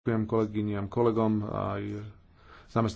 Ďakujem kolegyniam, kolegom aj zamestnancom.